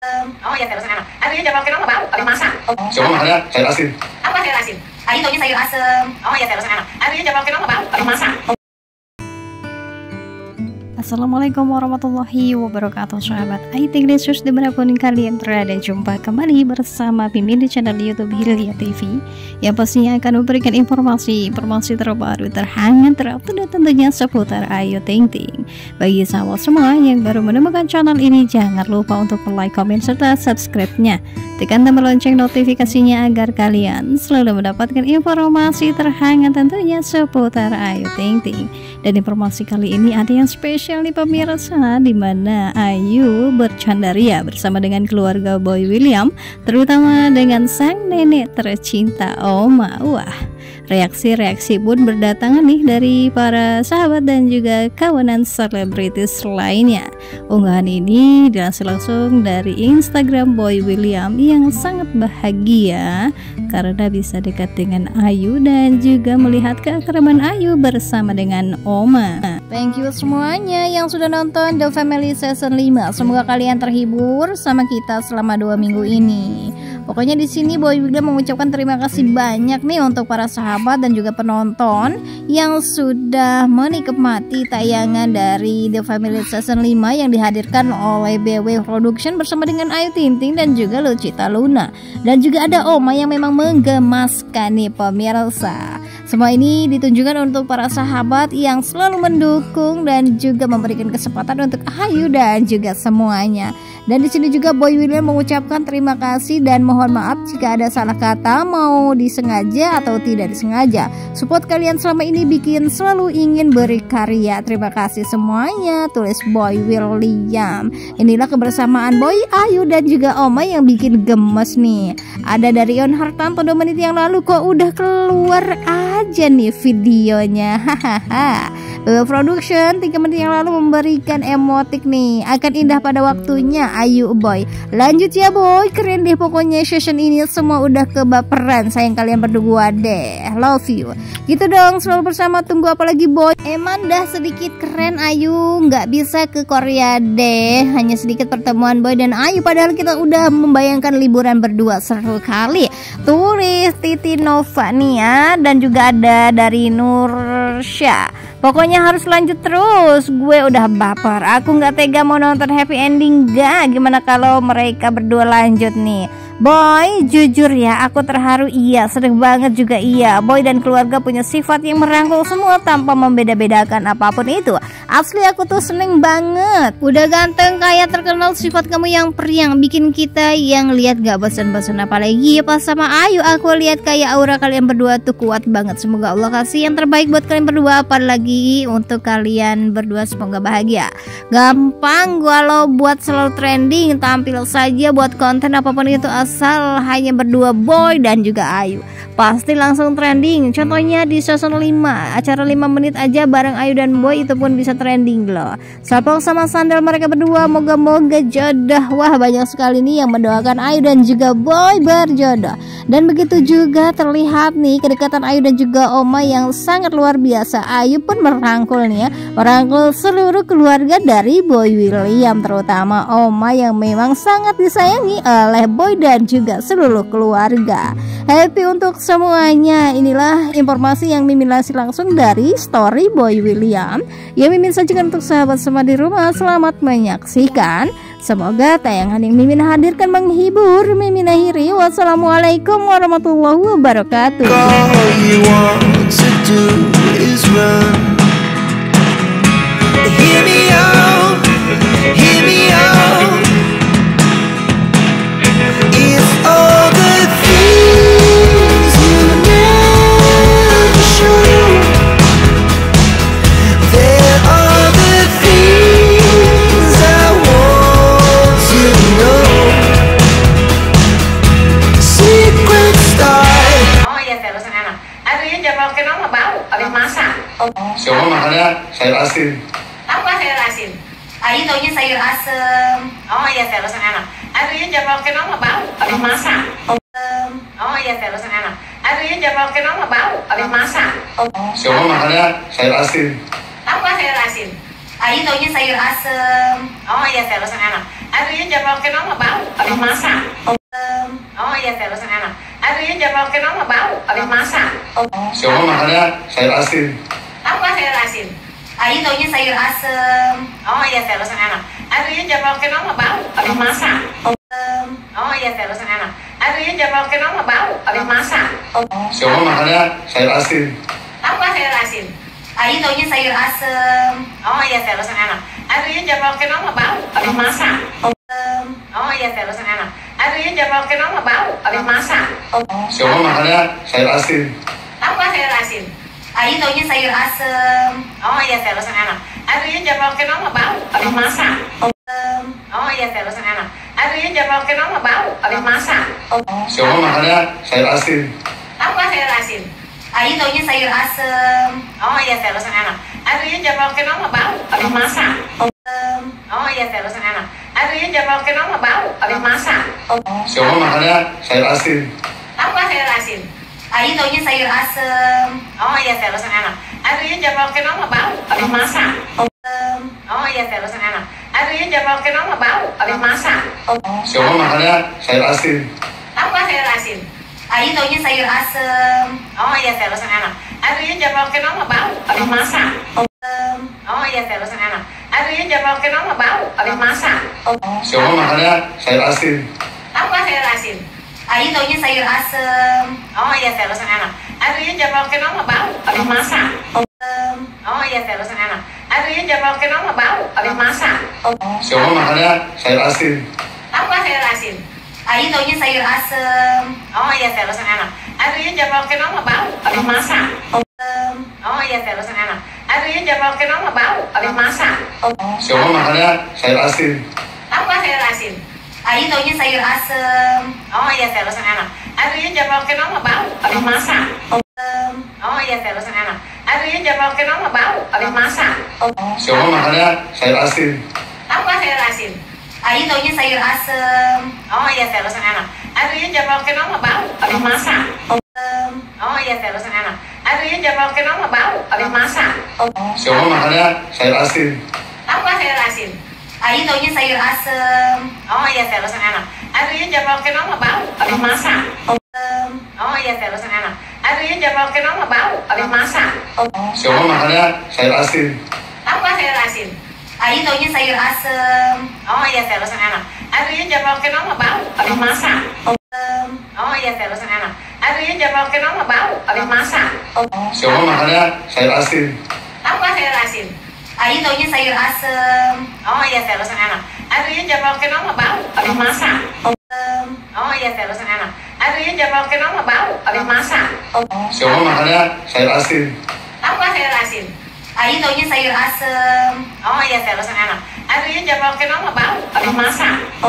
Um, oh ya sayur anak. Akhirnya jawab kenapa baru pakai masak. Oh. Coba ada sayur asin. Apa sayur asin? Tadi taunya sayur asem. Oh ya sayur anak. Akhirnya jawab kenapa baru pakai masak. Assalamualaikum warahmatullahi wabarakatuh Sahabat IT Gracious dimanapun kalian berada Jumpa kembali bersama Mimin di channel Youtube Hilya TV Yang pastinya akan memberikan informasi-informasi terbaru Terhangat, terupdate dan tentunya seputar Ayu Ting Ting Bagi sahabat semua yang baru menemukan channel ini Jangan lupa untuk like, komen, serta subscribe-nya Tekan tombol lonceng notifikasinya agar kalian selalu mendapatkan informasi terhangat tentunya seputar Ayu Ting Ting Dan informasi kali ini ada yang spesial sekali pemirsa di mana Ayu bercandaria bersama dengan keluarga Boy William terutama dengan sang nenek tercinta Oma Wah reaksi-reaksi pun berdatangan nih dari para sahabat dan juga kawanan selebritis lainnya unggahan ini dilansir langsung dari Instagram Boy William yang sangat bahagia karena bisa dekat dengan Ayu dan juga melihat keakraban Ayu bersama dengan Oma Thank you semuanya yang sudah nonton The Family Season 5. Semoga kalian terhibur sama kita selama dua minggu ini. Pokoknya di sini Boy Wilda mengucapkan terima kasih banyak nih untuk para sahabat dan juga penonton yang sudah menikmati tayangan dari The Family Season 5 yang dihadirkan oleh BW Production bersama dengan Ayu Tinting dan juga Lucita Luna. Dan juga ada Oma yang memang menggemaskan nih pemirsa. Semua ini ditunjukkan untuk para sahabat yang selalu mendukung dan juga memberikan kesempatan untuk Ayu dan juga semuanya. Dan di sini juga Boy William mengucapkan terima kasih dan mohon maaf jika ada salah kata mau disengaja atau tidak disengaja. Support kalian selama ini bikin selalu ingin berkarya. Terima kasih semuanya, tulis Boy William. Inilah kebersamaan Boy Ayu dan juga Oma yang bikin gemes nih. Ada dari Yon Hartanto 2 menit yang lalu kok udah keluar. Ah, aja nih videonya Hahaha Production tiga menit yang lalu memberikan emotik nih Akan indah pada waktunya Ayu Boy Lanjut ya boy Keren deh pokoknya session ini semua udah kebaperan Sayang kalian berdua deh Love you Gitu dong selalu bersama tunggu apalagi boy Emang dah sedikit keren Ayu Nggak bisa ke Korea deh Hanya sedikit pertemuan boy dan Ayu Padahal kita udah membayangkan liburan berdua seru kali Turis Titi Nova nih ya Dan juga ada dari Nursya Pokoknya harus lanjut terus Gue udah baper Aku gak tega mau nonton happy ending Gak gimana kalau mereka berdua lanjut nih Boy, jujur ya, aku terharu iya, sedih banget juga iya. Boy dan keluarga punya sifat yang merangkul semua tanpa membeda-bedakan apapun itu. Asli aku tuh seneng banget. Udah ganteng kayak terkenal sifat kamu yang periang bikin kita yang lihat gak bosan-bosan apalagi ya, pas sama Ayu aku lihat kayak aura kalian berdua tuh kuat banget. Semoga Allah kasih yang terbaik buat kalian berdua apalagi lagi untuk kalian berdua semoga bahagia. Gampang gua lo buat selalu trending, tampil saja buat konten apapun itu asal hanya berdua boy dan juga Ayu. Pasti langsung trending. Contohnya di season 5, acara 5 menit aja bareng Ayu dan Boy itu pun bisa trending loh. Sapong sama sandal mereka berdua moga-moga jodoh. Wah, banyak sekali nih yang mendoakan Ayu dan juga Boy berjodoh. Dan begitu juga terlihat nih kedekatan Ayu dan juga Oma yang sangat luar biasa. Ayu pun merangkul nih ya merangkul seluruh keluarga dari Boy William terutama Oma yang memang sangat disayangi oleh Boy dan juga seluruh keluarga happy untuk semuanya inilah informasi yang Mimin langsung dari Story Boy William ya Mimin sajikan untuk sahabat semua di rumah selamat menyaksikan Semoga tayangan yang Mimin hadirkan menghibur Mimin akhiri Wassalamualaikum warahmatullahi wabarakatuh Siapa makannya sayur asin. aku Apa sayur asin? Ayu taunya sayur asem. Oh iya sayur asem enak. Aduhnya jangan makan bau habis masak. Oh iya sayur asem enak. Aduhnya jangan makan bau habis masak. Siapa makannya sayur asin. aku Apa sayur asin? Ayu taunya sayur asem. Oh iya sayur asem enak. Aduhnya jangan makan bau habis masak. Oh iya sayur asem enak. Aduhnya jangan makan bau habis masak. Siapa makannya sayur asin. Ayu taunya sayur asem. Oh iya sayur asem enak. Akhirnya jangan pakai nama bau habis masak. Oh iya sayur asem enak. Akhirnya jangan pakai nama bau habis masak. Siapa makannya sayur asin? Apa sayur asin? Ayu taunya sayur asem. Oh iya sayur asem enak. Akhirnya jangan pakai nama bau habis masak. Oh iya sayur asem enak. Akhirnya jangan pakai nama bau habis masak. Siapa makannya sayur asin? Apa sayur asin? Ayu taunya sayur asem. Oh iya sayur asem enak. Artinya jangan pakai nama bau habis masak. Oh, oh iya sayur asem enak. Artinya jangan pakai nama bau habis masak. Oh. Siapa makannya sayur asin? Apa sayur asin? Ayu taunya sayur asem. Oh iya sayur asem enak. Artinya jangan pakai nama bau habis masak. Oh. oh iya sayur asem enak. Artinya jangan pakai nama bau habis masak. Oh. Siapa makannya sayur asin? Ayu taunya sayur asem. Oh iya sayur asem enak. Aduhnya jangan kenal mah bau habis masak. Oh iya sayur asem enak. Aduhnya jangan kenal mah bau habis masak. Siapa makannya sayur asin? Apa sayur asin? Ayu taunya sayur asem. Oh iya sayur asem enak. Aduhnya jangan kenal mah bau habis masak. Oh iya sayur asem enak. Aduhnya jangan kenal mah bau habis masak. Siapa makannya sayur asin? Apa sayur asin? Ayu taunya sayur asem. Oh iya sayur asem enak. Akhirnya jamakin nama bau habis masak. Oh iya sayur asem enak. Akhirnya jamakin nama bau habis masak. Siapa makannya sayur asin? Apa sayur asin? Ayu taunya sayur asem. Oh iya sayur asem enak. Akhirnya jamakin nama bau habis masak. Oh iya sayur asem enak. Akhirnya jamakin nama bau habis masak. Siapa makannya sayur asin? Apa sayur asin? Ayu taunya sayur asem. Oh iya sayur asem enak. Aduhnya jangan pakai nama bau habis masak. Oh, oh iya sayur asem enak. Aduhnya jangan pakai nama bau habis masak. Oh. Siapa makannya sayur asin? Tahu nggak sayur asin? Ayu taunya sayur asem. Oh iya sayur asem enak. Aduhnya jangan pakai nama bau habis masak. Oh. oh iya sayur asem enak. Aduhnya jangan pakai nama bau habis masak. Oh. Siapa makannya sayur asin? Ayu taunya sayur asem. Oh iya sayur asem enak. Aduhnya jangan kenal mah bau habis masak. Oh iya sayur asem enak. Aduhnya jangan kenal mah bau habis masak. Oh. Siapa makannya sayur asin? Apa sayur asin? Ayu taunya sayur asem. Oh iya sayur asem enak. Aduhnya jangan kenal mah bau habis masak. Oh. oh iya sayur asem enak. Aduhnya jangan kenal mah bau habis masak. Oh. Siapa makannya sayur asin? Apa sayur asin? Ayu taunya sayur asem. Oh iya saya rasa enak. jangan jamakin nama bau habis masak. Oh iya saya rasa enak. jangan jamakin nama bau habis masak. Siapa makannya sayur asin? Apa sayur asin? Ayu taunya sayur asem. Oh iya saya rasa enak. jangan jamakin nama bau habis masak.